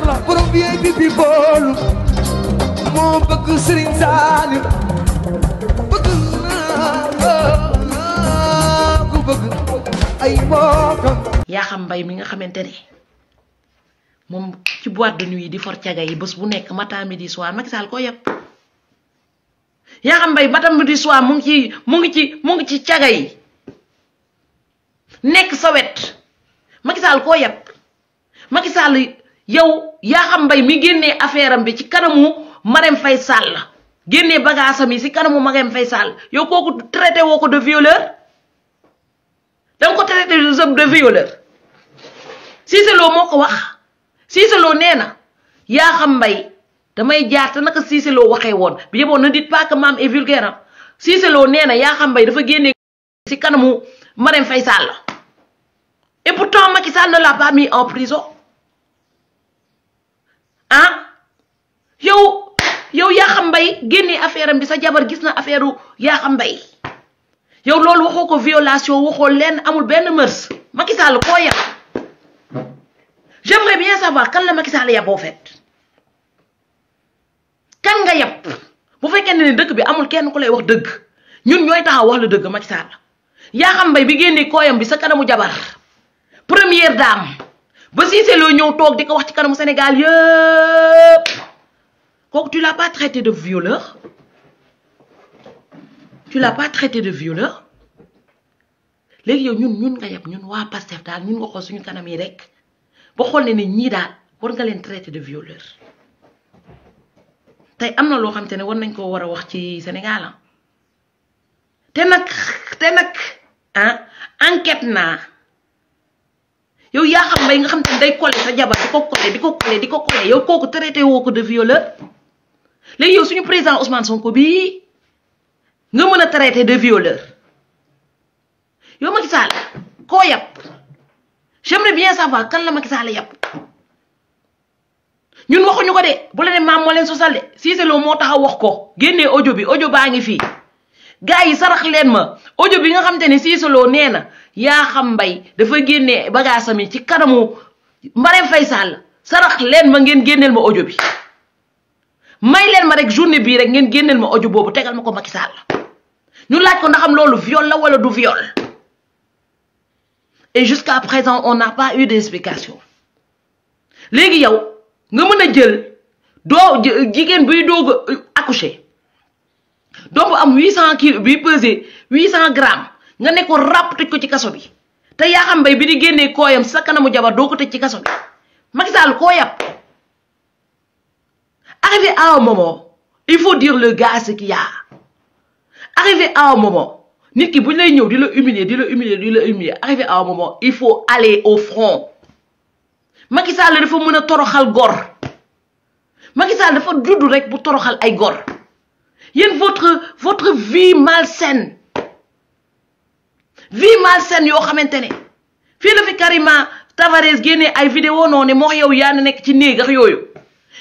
Carla la borom VIP bi boolu moo bëgg Serigne Saliou bëgg naa ku bëgg ay mbokkam yaa xam mbay mi nga xamantene mom ci boîte de nuit di for tiaga yi bés bu nekk matin midi soir Macky Sall ko yëpp ya xam bay matin midi soir mu ngi ci mu ngi ci mu ngi ci tiaga yi nekk sawet Macky Sall ko yëpp Macky Sall yow Yakham mbay mi génnee affaire bi ci kanamu Marème Faye Sall génnee bagaasam yi si kanamu Marème Faye Sall yow kooku traité woo ko de nee na Yakham Mbaye damay jaar te naka Cissé Lo waxee woon bi yeboon nee na Yakham Mbaye dafa génnee kanamu Marème Faye Sall et pourtant Macky l'a pas mis en prison ah yow yow Yakham Mbaye affaire am bi sa jabar gis na affaire u Yakham Mbaye yow loolu waxoo ko violation waxoo lenn amul benn mërs Macky Sall koo yab j'aimerais bien savoir kan la Macky Sall yaboo fet kan nga yab bu fekkee ne dëkk bi amul kenn ku lay wax dëgg ñun ñooy taxaw wax la dëgg Macky Sall Yakham Mbaye bi génnee kooyam bi sa kanamu jabar première daam Voici bah, c'est le de di ko Sénégal tu l'as pas traité de violeur tu l'as pas traité de violeur Les yow ñun ñun pas yab ñun nous traités de ñun Ils suñu ne ne pas traité de violeur xam war nañ Sénégal enquête yow ya xam bay nga xam tan day collé sa jabar diko ko collé di ko collé di collé yow koku traité woo ko de violeur lay yow suñu président Ousmane Sonko bi nga mëna traité de violeur yow Macky Sall ko yab j'aimerais bien savoir kan la Macky Sall yab ñun waxu ñuko dé bu la né mam mo len sosal dé si c'est Lo moo taxaw wax ko génné audio bi audio baangi fi gars sarax len ma audio bi nga xam tane siisaloo nee na de xam bay dafa génne fait, ci kanamu Marème Faye sarax len ma ngeen ma audio bi may ma rek journée rek ngeen ma audio ñu viol la wala du viol et jusqu'à présent on n'a pas eu d'explication légui yow nga mëna jël donc bu am 800 kg, bi pesé 800 grammes nga ne ko ràpp tëj ko ci kaso bi te yaa xam mbay bi di génnee kooyam sa kanamu jabar doo ko ci kaso bi Macky Sall koo arrivé à un moment il faut dire le gars ce qu'il y a arrivé à un moment nit ki bu lay ñëw di la humilier di la humilier di la humilier arrivé à un moment il faut aller au front Macky Sall dafa mën a toroxal gor Macky Sall dafa dudd rek bu toroxal ay gor votre votre vie malsaine vie malsaine Vous savez. ne Fille la Karima Tavares Il ay vidéo non vidéos moo des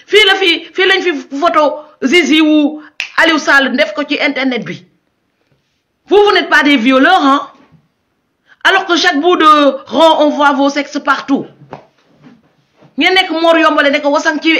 ci la fi photo zizi ou Aliou Sall internet bi vous vous n'êtes pas des violeurs hein alors que chaque bout de rang on voit vos sexes partout Vous vous Vous ko wasan ci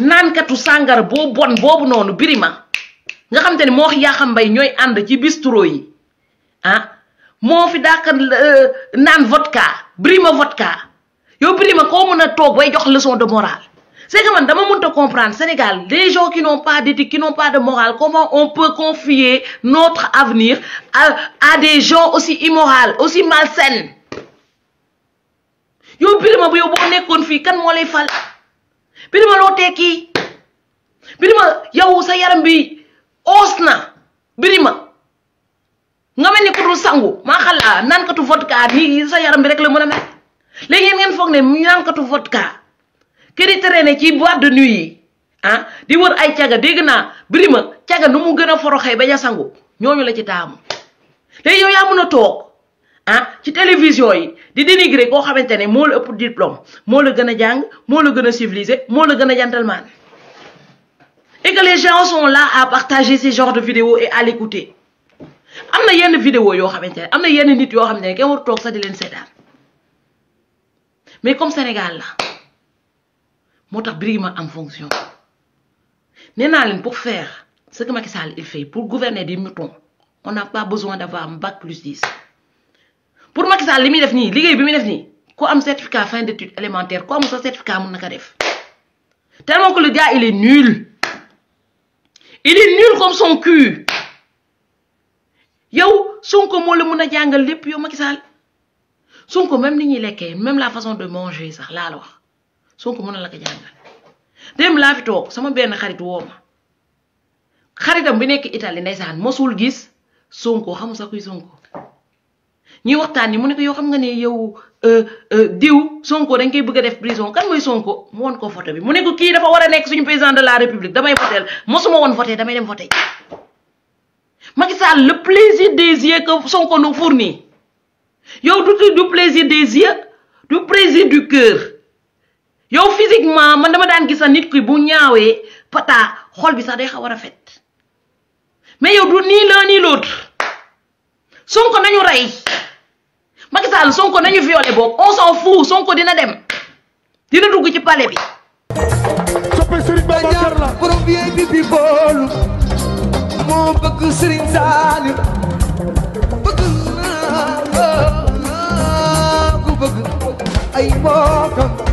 nan naankatu sangar bo bon bobu nonu birima nga xam tane moi wax ya xam bay ñoy and ci bistro yi ah mo fi daaka euh, nan vodka brima vodka yo brima ko mën a toog bay jox leçon de morale c'est que man dama mënta comprendre Sénégal des gens qui n'ont pas d'éthique qui n'ont pas de morale comment on peut confier notre avenir à à des gens aussi immoraux aussi malsains yo brima bu yo boo nekkoon fi kan mo lay fal birima loo tekki birima yow sa yaram bi oos na birima nga mel ni ku dul sangu maa xalaa ah, naankatu vodka nii sa yaram bi rek la mën a mel léegi yéen ngeen foog ne naankatu vodka kër yi tere na ci boîte de yi ah di wër ay caga dégg naa birima caga nu mu gën a foroxee ba a sangu ñooñu la ci taamu léegi yow yaa mën a toog ah ci télévision yi di dénigrer ko xamantene mo moo la ëpp diplôme mo la gëna a jàng moo la gën a civilisé moo la gëna a gentleman et que les gens sont là à partager ce genre de vidéos et à l'écouter amna yenn vidéo yo xamantene amna yenn nit yo xamantene ne war tok sa di len seetaan mais comme Sénégal la motax tax Birima am fonction nee naa pour faire ce que Macky Sall il fait pour gouverner des moutons on n'a pas besoin d'avoir un bac plus 10 Macky Sall li muy def nii liggéey bi muy def nii ku am certificat fin d'études élémentaires ku amul certificat mun na def tellement que le gars il est nul il est nul comme son cul yow Sonko moo la mun a jàngal lépp yow Macky Son Sonko même ni ñuy même la façon de manger sax là la Son Sonko on na la ko jàngal dem laa fi toog sama benn xarit woo xaritam bi nek Italie ndaysan mosul gis Sonko xamul sax kuy Sonko. ñuy waxtaan ni mu ne ko yow xam nga ne yow euh, euh, diw Sonko dañ koy bëgg a def prison kan mooy Sonko mu won ko photo bi mu ne ko kii dafa war a nekk suñu président de la république damay voté mosuma woon voté damay dem voté Macky Sall le plaisir des yeux que Sonko nous fournit yow du du plaisir des yeux du plaisir du cœur yow physiquement man dama daan gis a nit ki bu ñaawee pata xol bi sax day xaw a rafet mais yow du nii l'un ni l'autre Sonko nañu rey Macky Sall Sonko nañu violé boog on s'en fout Sonko dina dem dina dugg ci pale bi. soppe Serigne Babacar la premier bi bi boolu moo bëgg Serigne Saliou bëgg naa ko bëgg ay mbokkam